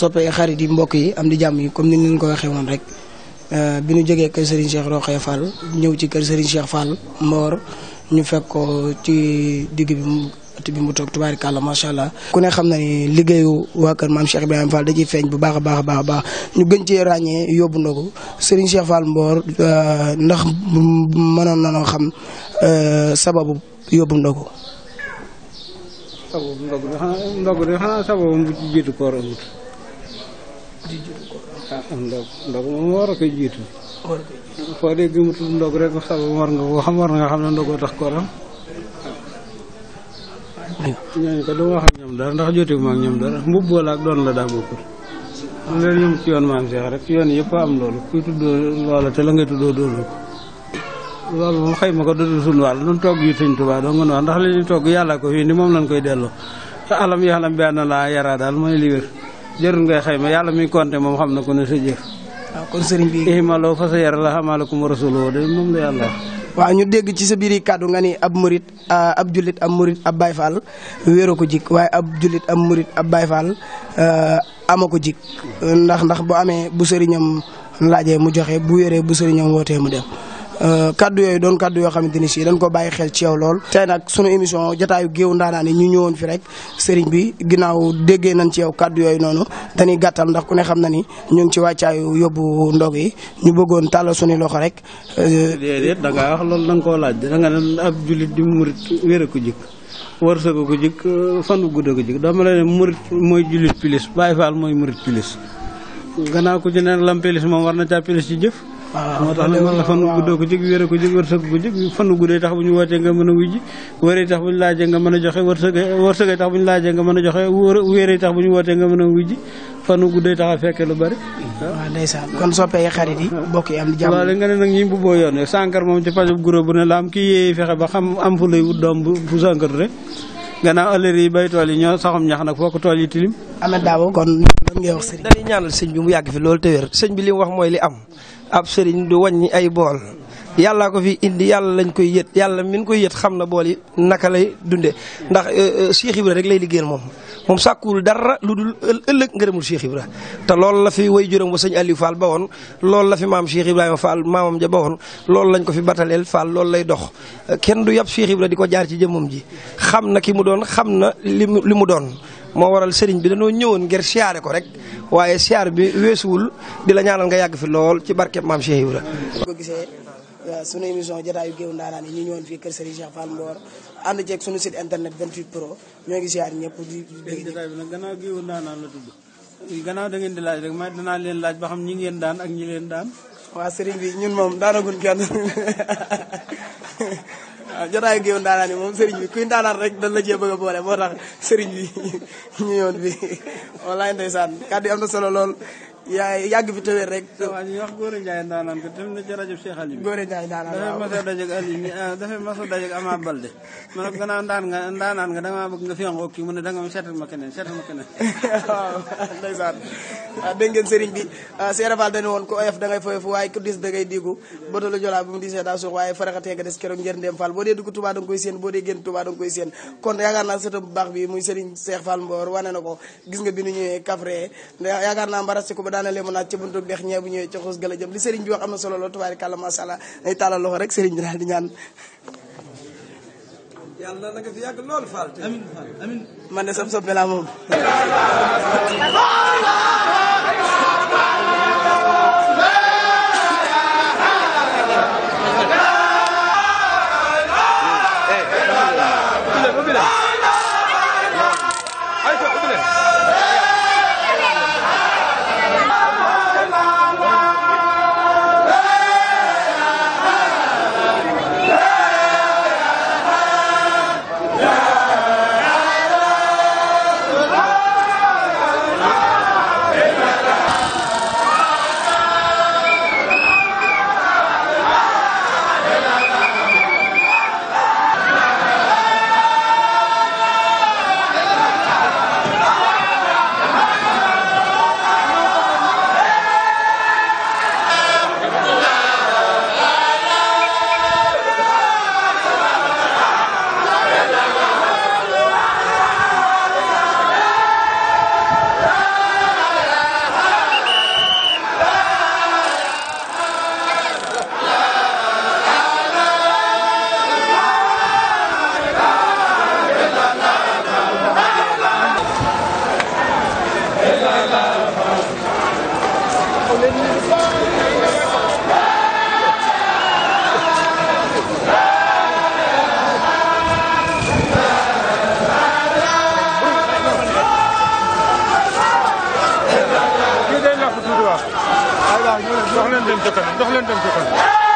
soppe xarit yi mbokk yi am di jàmm yi comme ni ñu leen ko waxee woon rek euh, bi ñu jógee kër Serigne Cheikh Rokhaya Fall ñëw ci kër Serigne Cheikh Fall Mboor ñu fekk ko ci digg bi mu at bi mu toog macha allah. ku ne xam na ni liggéeyu waa kër maam Cheikh Ibrahima Fall da ciy feeñ bu baax a baax a baax ñu gën cee ràññee yóbbu ndogu Serigne Cheikh Fall Mboor euh, ndax na noo xam euh, sababu yóbbu ndogu. sababu ndogu bi xanaa sababu bu jiitu koor di jur ko. ah moom war a koy jiitu. koy jiitu foo dee gëmatul ndog rek xam war nga xam war nga xam ne ndogoo tax kooram. ñooñu ko dama wax ak ñoom dara ndax jote ma ak ñoom dara mbubboo la ak doon la daa bokkul. waaw ci yoon maam Cheikh rek yoon yëpp am loolu kuy tuddoo la ngay tuddoo doolu ko. loolu moom xëy ma ko dëdd suñu wàll doon togg yi yàlla ko moom lañ koy delloo. te alam yaxlam bi laa yaraa daal mooy li jërul ngay xayma yàlla mi konte moom xam na ko ne sa jëf kon sëriñ bi ihimaloo fa sa yar la xamaalakum rasuloo de moom la waaw ñu dégg ci sa biir kàddu nga ni ab murit ab jullit ab murit ab Baay Faal wéeroo ko jik waaye ab jullit ab murit ab Baay Faal ama ko jik ndax ndax bu amee bu sëriñam laajee mu joxe bu wéree bu sëriñam wootee mu dem Euh, kaddu yooyu doon kaddu yoo xamante ni si dañ ko bàyyi xel ci yow lool tey nag sunu émission jataayu géew ndaanaan yi ñu ñëwoon fi rek sëriñ bi ginnaaw déggee nañ ci yow kaddu yooyu noonu dañuy gàttal ndax ku ne xam na ni ñu ngi ci wàccaayu yóbbu ndog yi ñu bëggoon tàllal suñu loxo rek euh, déedéet da ngaa wax loolu da nga koo laaj da nga ne ab jullit di murit wér ko jik wërsëg ko jik euh, fan bu gudd ko jik dama la ne murit mooy jullit pilis Baay Faal mooy murit pilis gannaaw ku ci ne lam pilis na caa pilis waaw moo tax la mën la fan guddoo ko jig wér ko jig wërsëg ko jig fan guddee tax bu a wujji wéree tax bu ñu laajee nga mën a joxe wërsëg wërsëgee tax bu ñu laajee nga mën a joxe wéree tax bu ñu wootee nga mën a wujji fanu guddee tax a fekke lu bari waaw ndeysaan kon soppee xarit yi bokk yi am jàmm waaw nga ne nag ñi bu boo yoon sànkar moom bu ne la fexe ba xam am fu lay wut doom bu sànkar rek gannaaw ëllëg yi bay tool yi ñoo saxum ñax nag foo ko tool yi tilim amee daaw kon lan ngay wax sëriñ dañuy sëñ bi mu yàgg fi loolu te wér sëñ bi li mu wax mooy li am ab sëriñ du wàññi ay bool yàllaa ko fi indi yàlla lañ koy yët yàlla min koy yët xam na bool naka lay dundee ndax euh, euh, Cheikh Ibra rek lay liggéeyal moom moom sàkkuwul dara lu dul ëllëg ngërëmul Cheikh Ibra te loolu la fi way juróom wa sëñ Aliou ba woon loolu la fi maam Cheikh Ibrahima Fall maamam ja ba woon loolu lañ ko fi bataleel Fall loolu lay dox kenn du yab Cheikh Ibra di ko jaar ci jëmmam ji xam na ki mu doon xam na li mu li mu doon moo waral sëriñ bi dañoo ñëwoon ngir siyaare ko rek waaye siyaar bi weesuwul di la ñaanal nga yàgg fi lool ci barkeb maam Cheikh Ibra Euh, sunu émission jotaayu géew ndaanaan yi ñu ñëwoon fii kër Serigne Cheikh Fall Mbor ànd ceeg sunu site internet 28 pro ñoo ngi siyaar ñëpp di dégg jotaay bi la tudd gannaaw da ngeen di laaj rek ma danaa leen laaj ba xam ñi ngeen leen daan waaw Serigne bi ñun moom daanagun kenn waaw jotaayu géew ndaanaan yi moom Serigne bi rek dañ la cee bëgg a boole moo tax Serigne bi ñu ñëwoon fii am na solo lool yaay yàgg fi tawéer rek. waaw ñu wax Gora Ndiaye ndaanaan ko dem na ci rajo Cheikh Aliou. Gora Ndiaye ndaanaan waaw dafay mos a dajeeg Aliou ah, dafay a dajeeg Ama Balde. ma ne ko gannaaw ndaan nga ndaanaan nga damaa bëgg nga fi waxoo kii mu ne danga ma seetal ma keneen seetal ma keneen. waaw ndeysaan ah, dégg ngeen sëriñ bi ah, nga des ñëwee Kafre yaakaar naa mbarasi ko bu daana lee mu naat ci buntu dex ñee bu ñëwee ci xuus gala jëm li sëriñ bi wax am na solo lool tubaarikàlla macha allah day tàllal loxo rek sëriñ bi daal ñaan na nga fi yàgg lool man de sab soppe laa moom dox leen dem ca kanam dox leen dem ca kanam